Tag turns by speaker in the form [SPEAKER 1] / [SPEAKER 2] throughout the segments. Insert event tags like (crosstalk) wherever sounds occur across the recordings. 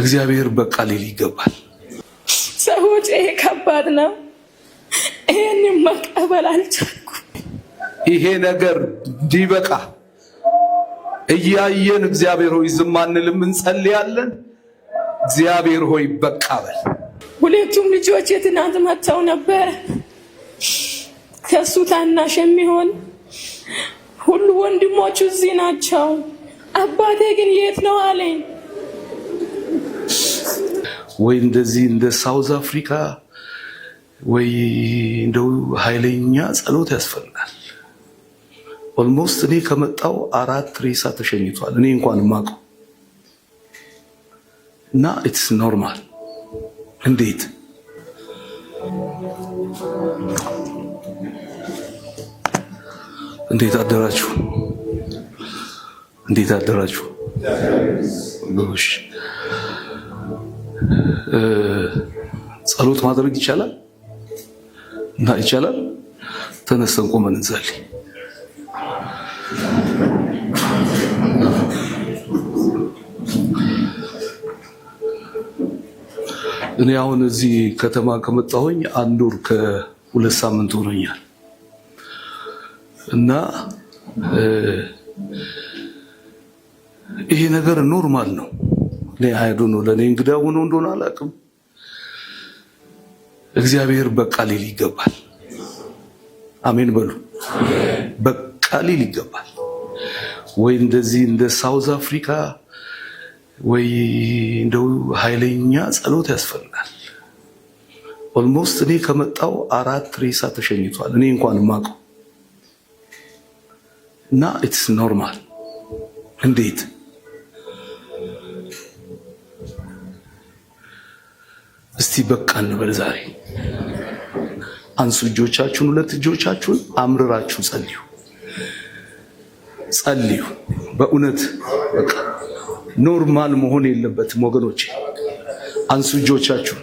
[SPEAKER 1] እግዚአብሔር በቃ ሊል ይገባል።
[SPEAKER 2] ሰዎች ይሄ ከባድ ነው። ይሄን መቀበል አልቻልኩ።
[SPEAKER 1] ይሄ ነገር እንዲበቃ እያየን እግዚአብሔር ሆይ ዝም አንልም፣ እንጸልያለን። እግዚአብሔር ሆይ በቃ በል።
[SPEAKER 2] ሁለቱም ልጆች የትናንት መጥተው ነበር። ከሱ ታናሽ የሚሆን ሁሉ ወንድሞቹ እዚህ ናቸው። አባቴ ግን የት ነው አለኝ።
[SPEAKER 1] ወይ እንደዚህ እንደ ሳውዝ አፍሪካ ወይ እንደው ኃይለኛ ጸሎት ያስፈልጋል። ኦልሞስት እኔ ከመጣው አራት ሬሳ ተሸኝቷል። እኔ እንኳን ማቀው እና ኢትስ ኖርማል። እንዴት እንዴት አደራችሁ? እንዴት አደራችሁ? ጎሽ ጸሎት ማድረግ ይቻላል እና ይቻላል። ተነስተን ቆመን እንጸልይ። እኔ አሁን እዚህ ከተማ ከመጣሁኝ አንድ ወር ከሁለት ሳምንት ሆኖኛል እና ይሄ ነገር ኖርማል ነው። እኔ አይዱ ነው ለእኔ እንግዳ ሆኖ እንደሆነ አላውቅም። እግዚአብሔር በቃ ሊል ይገባል። አሜን በሉ። በቃ ሊል ይገባል። ወይ እንደዚህ እንደ ሳውዝ አፍሪካ ወይ እንደው ኃይለኛ ጸሎት ያስፈልጋል። ኦልሞስት እኔ ከመጣው አራት ሬሳ ተሸኝቷል። እኔ እንኳን ማቀው እና ኢትስ ኖርማል እንዴት እስቲ በቃ እንበል ዛሬ። አንሱ እጆቻችሁን፣ ሁለት እጆቻችሁን አምርራችሁ ጸልዩ፣ ጸልዩ። በእውነት በቃ ኖርማል መሆን የለበትም ወገኖቼ። አንሱ እጆቻችሁን።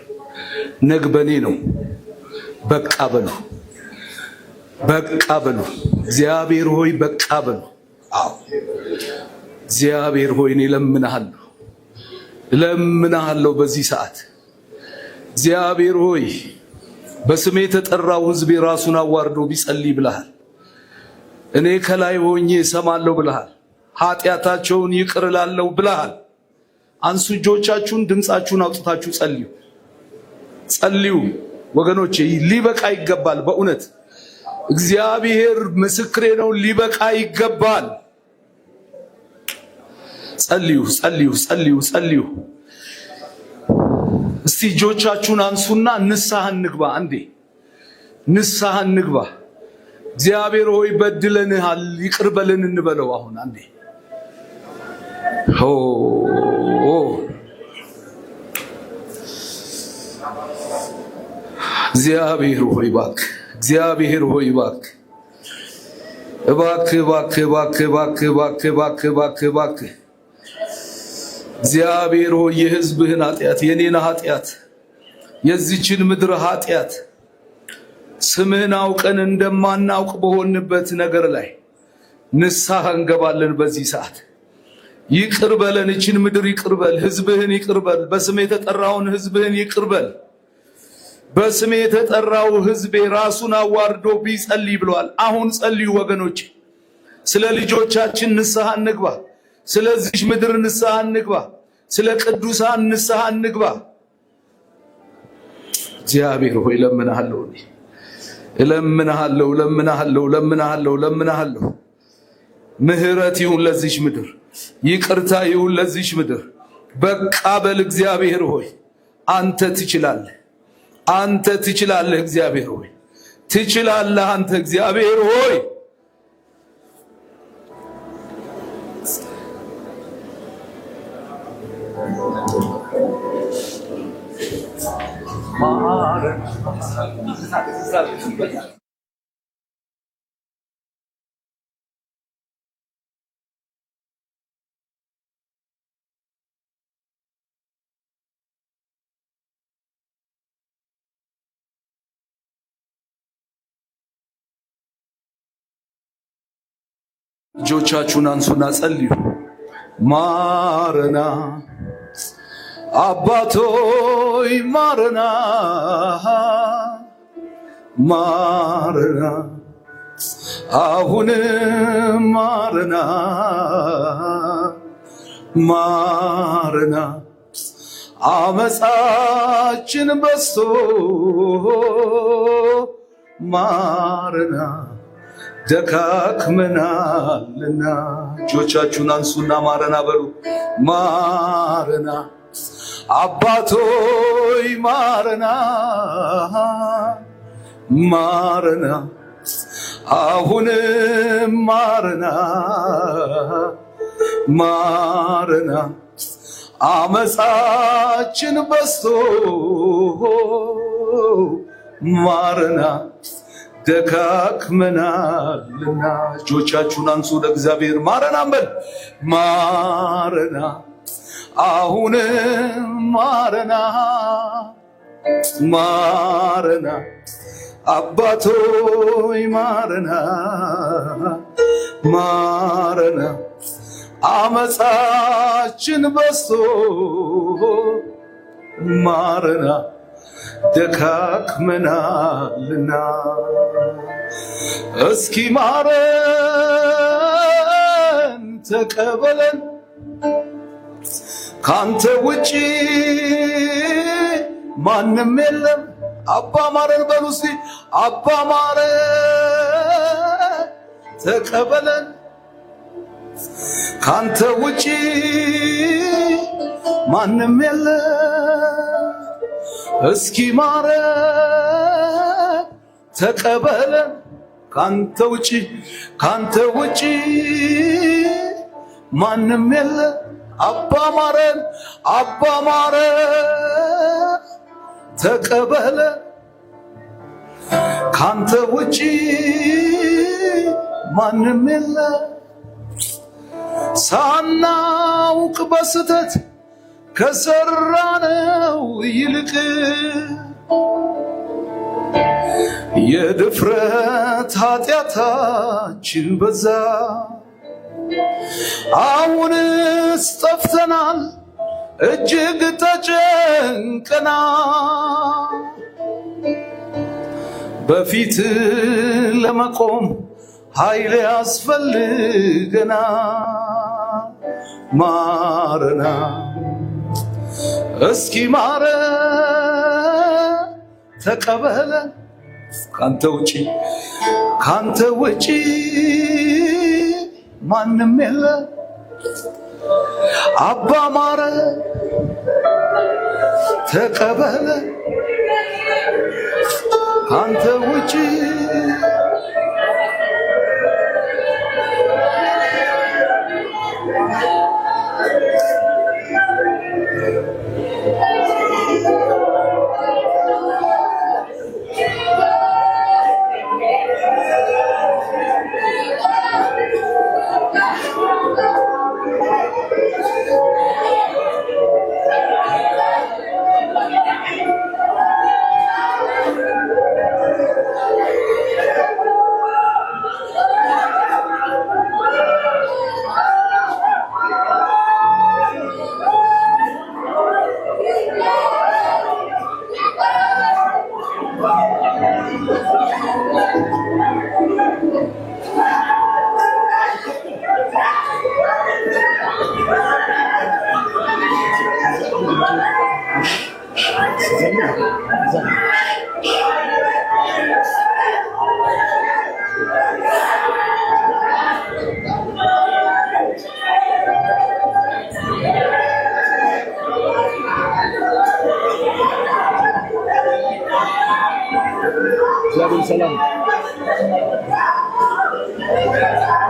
[SPEAKER 1] ነግ በኔ ነው። በቃ በሉ፣ በቃ በሉ። እግዚአብሔር ሆይ በቃ በሉ። አዎ እግዚአብሔር ሆይ እኔ እለምንሃለሁ፣ እለምንሃለሁ በዚህ ሰዓት እግዚአብሔር ሆይ በስሜ የተጠራው ህዝብ የራሱን አዋርዶ ቢጸልይ ብለሃል። እኔ ከላይ ሆኜ እሰማለሁ ብለሃል። ኃጢአታቸውን ይቅር እላለሁ ብለሃል። አንሱ እጆቻችሁን፣ ድምፃችሁን አውጥታችሁ ጸልዩ፣ ጸልዩ ወገኖቼ። ሊበቃ ይገባል። በእውነት እግዚአብሔር ምስክሬ ነው። ሊበቃ ይገባል። ጸልዩ፣ ጸልዩ፣ ጸልዩ፣ ጸልዩ። እስቲ እጆቻችሁን አንሱና ንስሐ እንግባ። እንዴ ንስሐ እንግባ። እግዚአብሔር ሆይ በድለንሃል፣ ይቅር በልን እንበለው። አሁን አንዴ እግዚአብሔር ሆይ ባክ፣ እግዚአብሔር ሆይ እባክህ፣ እባክህ፣ እባክህ፣ እባክህ፣ እባክህ፣ እባክህ፣ ባክ፣ እባክ፣ እባክ፣ እባክ፣ እባክ፣ እባክ፣ እባክ፣ እባክ፣ እባክህ እግዚአብሔር ሆይ የህዝብህን ኃጢአት፣ የኔን ኃጢአት፣ የዚችን ምድር ኃጢአት ስምህን አውቀን እንደማናውቅ በሆንበት ነገር ላይ ንስሐ እንገባለን። በዚህ ሰዓት ይቅር በለን፣ እችን ምድር ይቅርበል፣ ህዝብህን ይቅርበል፣ በስሜ የተጠራውን ህዝብህን ይቅርበል። በስሜ የተጠራው ህዝቤ ራሱን አዋርዶ ቢጸልይ ብሏል። አሁን ጸልዩ ወገኖች፣ ስለ ልጆቻችን ንስሐ እንግባ። ስለዚህ ምድር ንስሐ እንግባ፣ ስለ ቅዱሳን ንስሐ እንግባ። እግዚአብሔር ሆይ ለምንሃለሁ፣ ለምንሃለሁ፣ ለምንሃለሁ፣ ለምንሃለሁ፣ ለምንሃለሁ። ምህረት ይሁን ለዚች ምድር፣ ይቅርታ ይሁን ለዚች ምድር። በቃ በል እግዚአብሔር ሆይ አንተ ትችላለህ፣ አንተ ትችላለህ። እግዚአብሔር ሆይ ትችላለህ። አንተ እግዚአብሔር ሆይ እጆቻችሁን አንሱና ጸልዩ። ማረና አባቶይ ማርና ማርና አሁን ማርና ማርና አመፃችን በስቶ ማርና ደካክመናልና እጆቻችሁን አንሱና ማረና በሉ ማረና አባቶይ ማረና ማረና አሁንም ማረና ማረና አመፃችን በስቶ ማረና ደካክመናልና እጆቻችሁን አንሱ ለእግዚአብሔር ማረና በል ማረና አሁንም ማረና ማረና አባቶይ ማረና ማረና አመፃችን በስቶ ማረና ደካክመናልና እስኪ ማረን ተቀበለን ካንተ ውጪ ማንም የለም። አባ ማረን በሉ አባ ማረ ተቀበለን። ካንተ ውጪ ማንም የለም። እስኪ ማረ ተቀበለን። ካንተ ውጪ ካንተ ውጪ ማንም የለም። አባ ማረን፣ አባ ማረን ተቀበለ ካንተ ውጪ ማንም የለ። ሳናውቅ በስተት ከሰራነው ይልቅ የድፍረት ኃጢአታችን በዛ። አሁንስ ጠፍተናል እጅግ ተጨንቅና በፊት ለመቆም ኃይል ያስፈልገና ማረና እስኪ ማረ ተቀበለ ካንተ ውጪ ካንተ ውጪ ማንም የለ አባ ማረ ተቀበለ አንተ ውጭ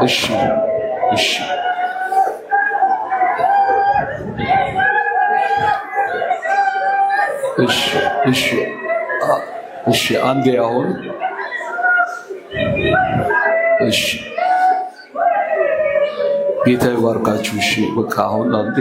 [SPEAKER 1] እሺ እሺ እሺ እሺ እሺ አንዴ አሁን እሺ ጌታ ይባርካችሁ። እሺ በቃ አሁን አንዴ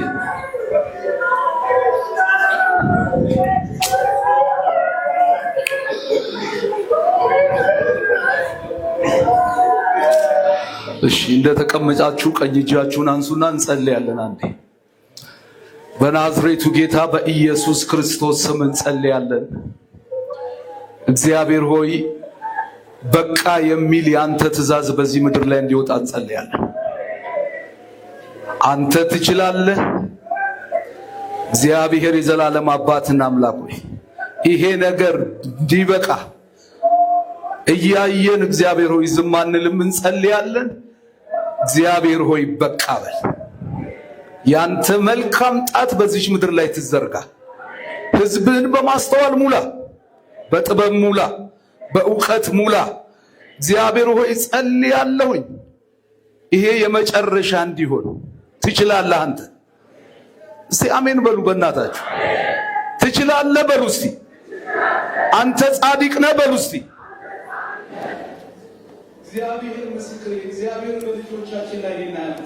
[SPEAKER 1] እሺ እንደተቀመጫችሁ ቀኝ እጃችሁን አንሱና እንጸልያለን። አንዴ በናዝሬቱ ጌታ በኢየሱስ ክርስቶስ ስም እንጸልያለን። እግዚአብሔር ሆይ በቃ የሚል የአንተ ትእዛዝ በዚህ ምድር ላይ እንዲወጣ እንጸልያለን። አንተ ትችላለህ። እግዚአብሔር የዘላለም አባትና አምላክ ሆይ ይሄ ነገር እንዲበቃ እያየን እግዚአብሔር ሆይ ዝም አንልም፣ እንጸልያለን። እግዚአብሔር ሆይ በቃ በል። ያንተ መልካም ጣት በዚች ምድር ላይ ትዘርጋ። ህዝብን በማስተዋል ሙላ፣ በጥበብ ሙላ፣ በእውቀት ሙላ። እግዚአብሔር ሆይ ጸልያለሁኝ፣ ይሄ የመጨረሻ እንዲሆን ትችላለህ። አንተ እስቲ አሜን በሉ በእናታችሁ። ትችላለህ በሉ እስቲ። አንተ ጻድቅ ነህ በሉ እስቲ።
[SPEAKER 3] እግዚአብሔር ምስክር እግዚአብሔር በልጆቻችን ላይ ይህን አያምጣ፣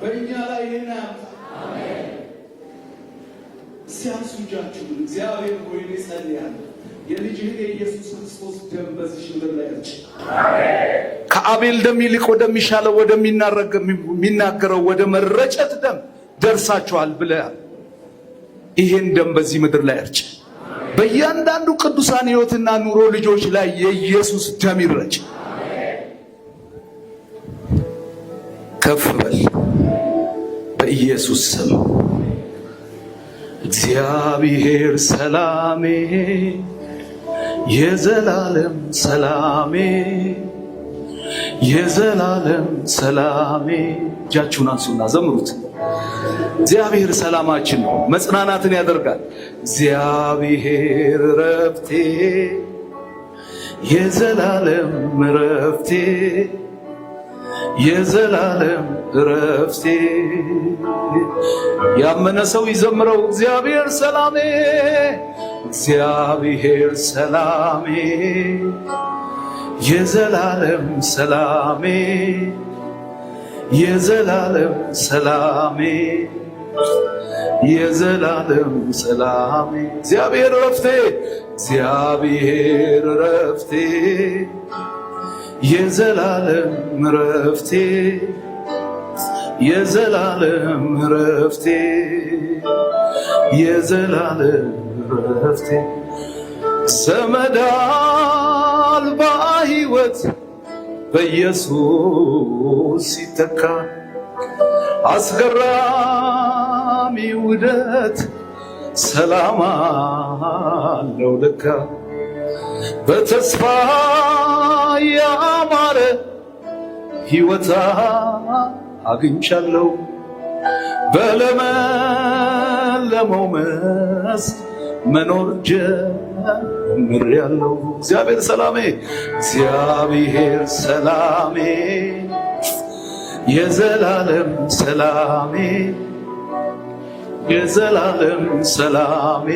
[SPEAKER 3] በእኛ ላይ ይህን አያምጣ። ሲያንሱ እጃችሁን እግዚአብሔር ሆይ ይጸልያል የልጅህን የኢየሱስ ክርስቶስ ደም በዚህ ምድር ላይ እርጭ።
[SPEAKER 1] ከአቤል ደም ይልቅ ወደሚሻለው ወደሚናገረው ወደ መረጨት ደም ደርሳችኋል ብለ ይሄን ደም በዚህ ምድር ላይ እርጭ። በእያንዳንዱ ቅዱሳን ህይወትና ኑሮ ልጆች ላይ የኢየሱስ ደም ይረጭ። ከፍ በል በኢየሱስ ስም። እግዚአብሔር ሰላሜ፣ የዘላለም ሰላሜ፣ የዘላለም ሰላሜ። እጃችሁን አንሱና ዘምሩት። እግዚአብሔር ሰላማችን ነው፣ መጽናናትን ያደርጋል። እግዚአብሔር ረፍቴ የዘላለም ረፍቴ የዘላለም ረፍቴ ያመነ ሰው ይዘምረው። እግዚአብሔር ሰላሜ፣ እግዚአብሔር ሰላሜ፣ የዘላለም ሰላሜ፣ የዘላለም ሰላሜ የዘላለም ሰላም እግዚአብሔር ረፍቴ እግዚአብሔር ረፍቴ የዘላለም ረፍቴ የዘላለም ረፍቴ የዘላለም ረፍቴ ዘመድ አልባ ሕይወት በኢየሱስ ሲተካ አስገራ በድካሜ ውደት ሰላም አለው ለካ በተስፋ ያማረ ሕይወታ አግኝቻለሁ በለመለመው መስ መኖር ጀምሬያለሁ። እግዚአብሔር ሰላሜ፣ እግዚአብሔር ሰላሜ፣ የዘላለም ሰላሜ የዘላለም ሰላሜ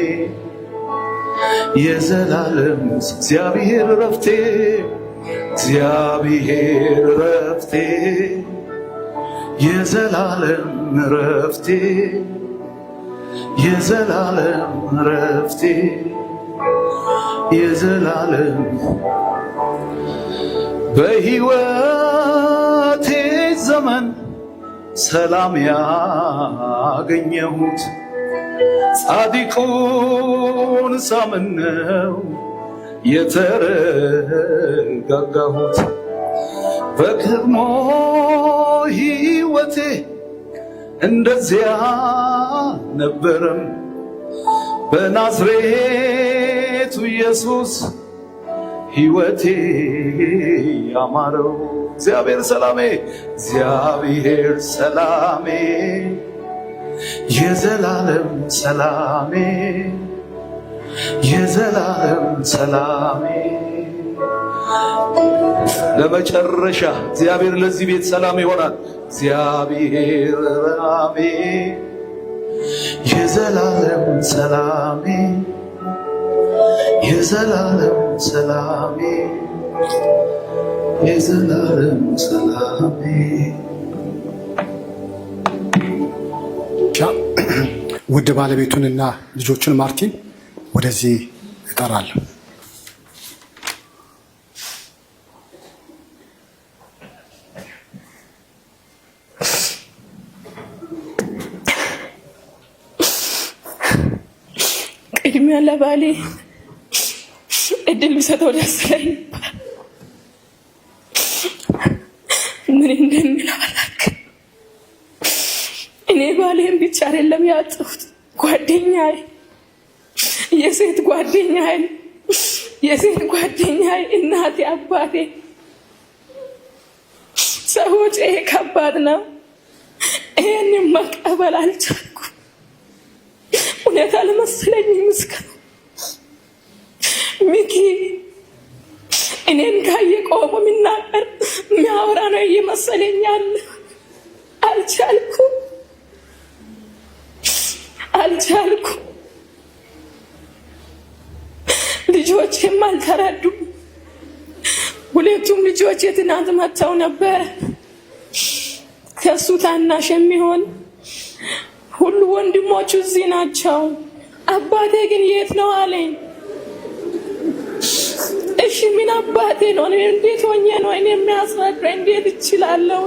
[SPEAKER 1] የዘላለም እግዚአብሔር ረፍቴ እግዚአብሔር ረፍቴ የዘላለም ረፍቴ የዘላለም ረፍቴ የዘላለም በሕይወቴ ዘመን ሰላም ያገኘሁት ጻድቁን ሳምነው የተረጋጋሁት በቀድሞ ሕይወቴ እንደዚያ ነበረም በናዝሬቱ ኢየሱስ ሕይወቴ ያማረው እግዚአብሔር ሰላሜ፣ እግዚአብሔር ሰላሜ፣ የዘላለም ሰላሜ፣ የዘላለም ሰላሜ ለመጨረሻ እግዚአብሔር ለዚህ ቤት ሰላም ይሆናል። እግዚአብሔር ሰላሜ የዘላለም ሰላሜ የዘላለም ሰላሜ የዘላለም (coughs) ሰላሜ። ውድ ባለቤቱንና ልጆቹን ማርቲን ወደዚህ እጠራለሁ።
[SPEAKER 2] ቅድሚያ ለባሌ እድል ቢሰጠው ደስ ይለኛል። ባሌን ብቻ አይደለም ያጠፉት፣ ጓደኛዬ፣ የሴት ጓደኛዬ፣ የሴት ጓደኛዬ፣ እናቴ፣ አባቴ፣ ሰዎች። ይሄ ከባድ ነው። ይሄንን መቀበል አልቻልኩ። እውነት አልመሰለኝም። ምስከ ሚኪ እኔን ጋር ቆሞ የሚናገር የሚያወራ ነው እየመሰለኝ አለ። አልቻልኩም አልቻልኩ። ልጆቼም አልተረዱ። ሁለቱም ልጆች የትናንት መጥተው ነበረ። ከሱ ታናሽ የሚሆን ሁሉ ወንድሞቹ እዚህ ናቸው። አባቴ ግን የት ነው አለኝ። እሺ ምን አባቴ ነው? እኔ እንዴት ሆኜ ነው እኔ የሚያስረዳ? እንዴት እችላለሁ?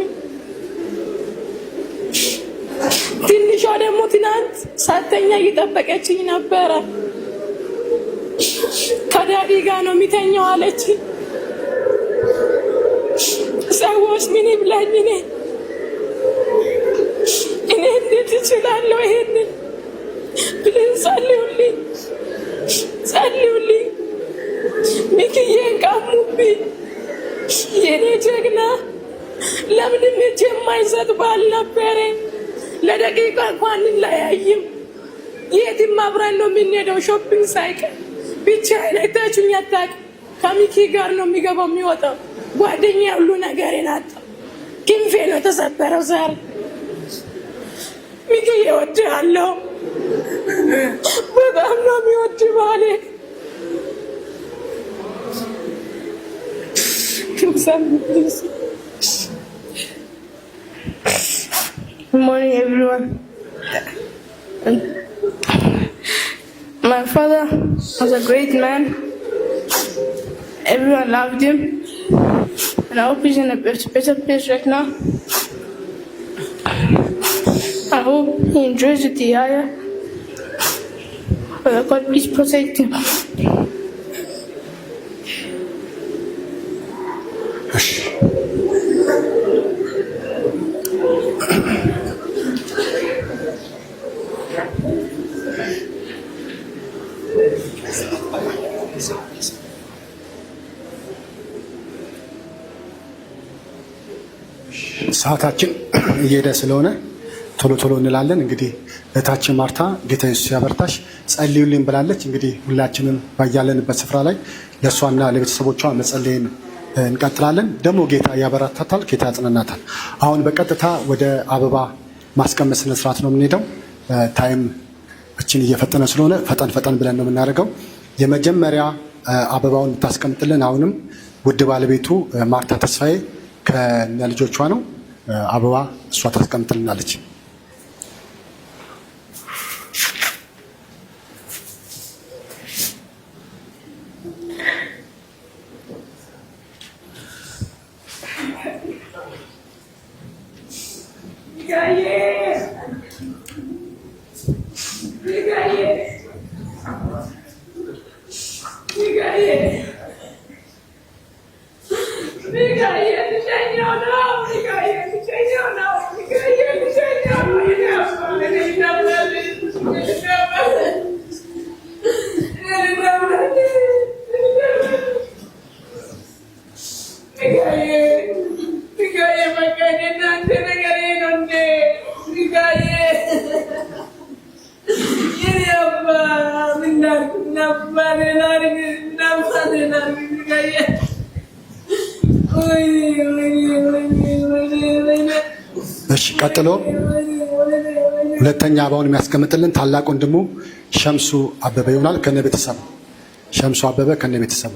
[SPEAKER 2] ትንሿ ሳተኛ እየጠበቀችኝ ነበረ። ከዳዲ ጋ ነው የሚተኛው አለች። ሰዎች ምን ይብላኝ? እኔ እኔ እንዴት እችላለሁ? ይሄን ብልን ጸልዩልኝ፣ ጸልዩልኝ። ሚኪዬን ቀሙብኝ። የኔ ጀግና ለምንም እጅ የማይሰጥ ባል ነበረ። ለደቂቃ እንኳን እንለያይም የትም አብረን ነው የምንሄደው፣ ሾፒንግ ሳይቀር ብቻ አይታችሁኝ አታውቅም። ከሚኪ ጋር ነው የሚገባው የሚወጣው። ጓደኛ ሁሉ ነገር ናት። ክንፌ ነው ተሰበረው ዛሬ። ሚኪ እወድሃለሁ፣ በጣም ነው የሚወድ ባሌ።
[SPEAKER 4] ሞርኒንግ ኤቭሪዋን My father was a great man. Everyone loved him. And I hope he's in a better place right now. I hope he enjoys the higher. But God, please protect him.
[SPEAKER 1] ሰዓታችን እየሄደ ስለሆነ ቶሎ ቶሎ እንላለን። እንግዲህ እህታችን ማርታ ጌታ ኢየሱስ ያበርታሽ፣ ጸልዩልኝ ብላለች። እንግዲህ ሁላችንም ባያለንበት ስፍራ ላይ ለእሷና ለቤተሰቦቿ መጸለይን እንቀጥላለን። ደግሞ ጌታ ያበረታታል፣ ጌታ ያጽናናታል። አሁን በቀጥታ ወደ አበባ ማስቀመጥ ስነ ስርዓት ነው የምንሄደው። ታይም እችን እየፈጠነ ስለሆነ ፈጠን ፈጠን ብለን ነው የምናደርገው። የመጀመሪያ አበባውን ታስቀምጥልን። አሁንም ውድ ባለቤቱ ማርታ ተስፋዬ ከነልጆቿ ነው። አበባ እሷ ታስቀምጥልናለች።
[SPEAKER 4] Yeah, yeah.
[SPEAKER 1] እሺ ቀጥሎ ሁለተኛ አበባውን የሚያስቀምጥልን ታላቅ ወንድሙ ሸምሱ አበበ ይሆናል። ከነ ቤተሰቡ ሸምሱ አበበ ከነ ቤተሰቡ